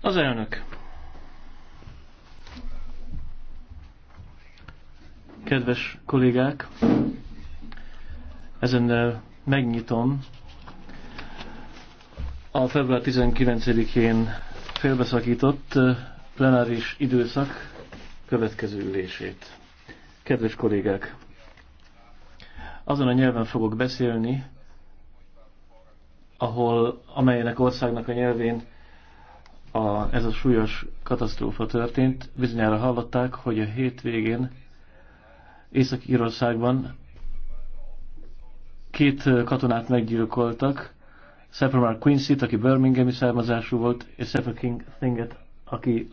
Az elnök. Kedves kollégák, ezennel megnyitom a február 19-én félbeszakított eh, plenáris időszak következő ülését. Kedves kollégák, azon a nyelven fogok beszélni, ahol, amelynek országnak a nyelvén a, ez a súlyos katasztrófa történt. Bizonyára hallották, hogy a hétvégén Észak-Írországban két katonát meggyilkoltak, Sephora Quincy-t, aki Birminghami származású volt, és Sephora King Thinget, aki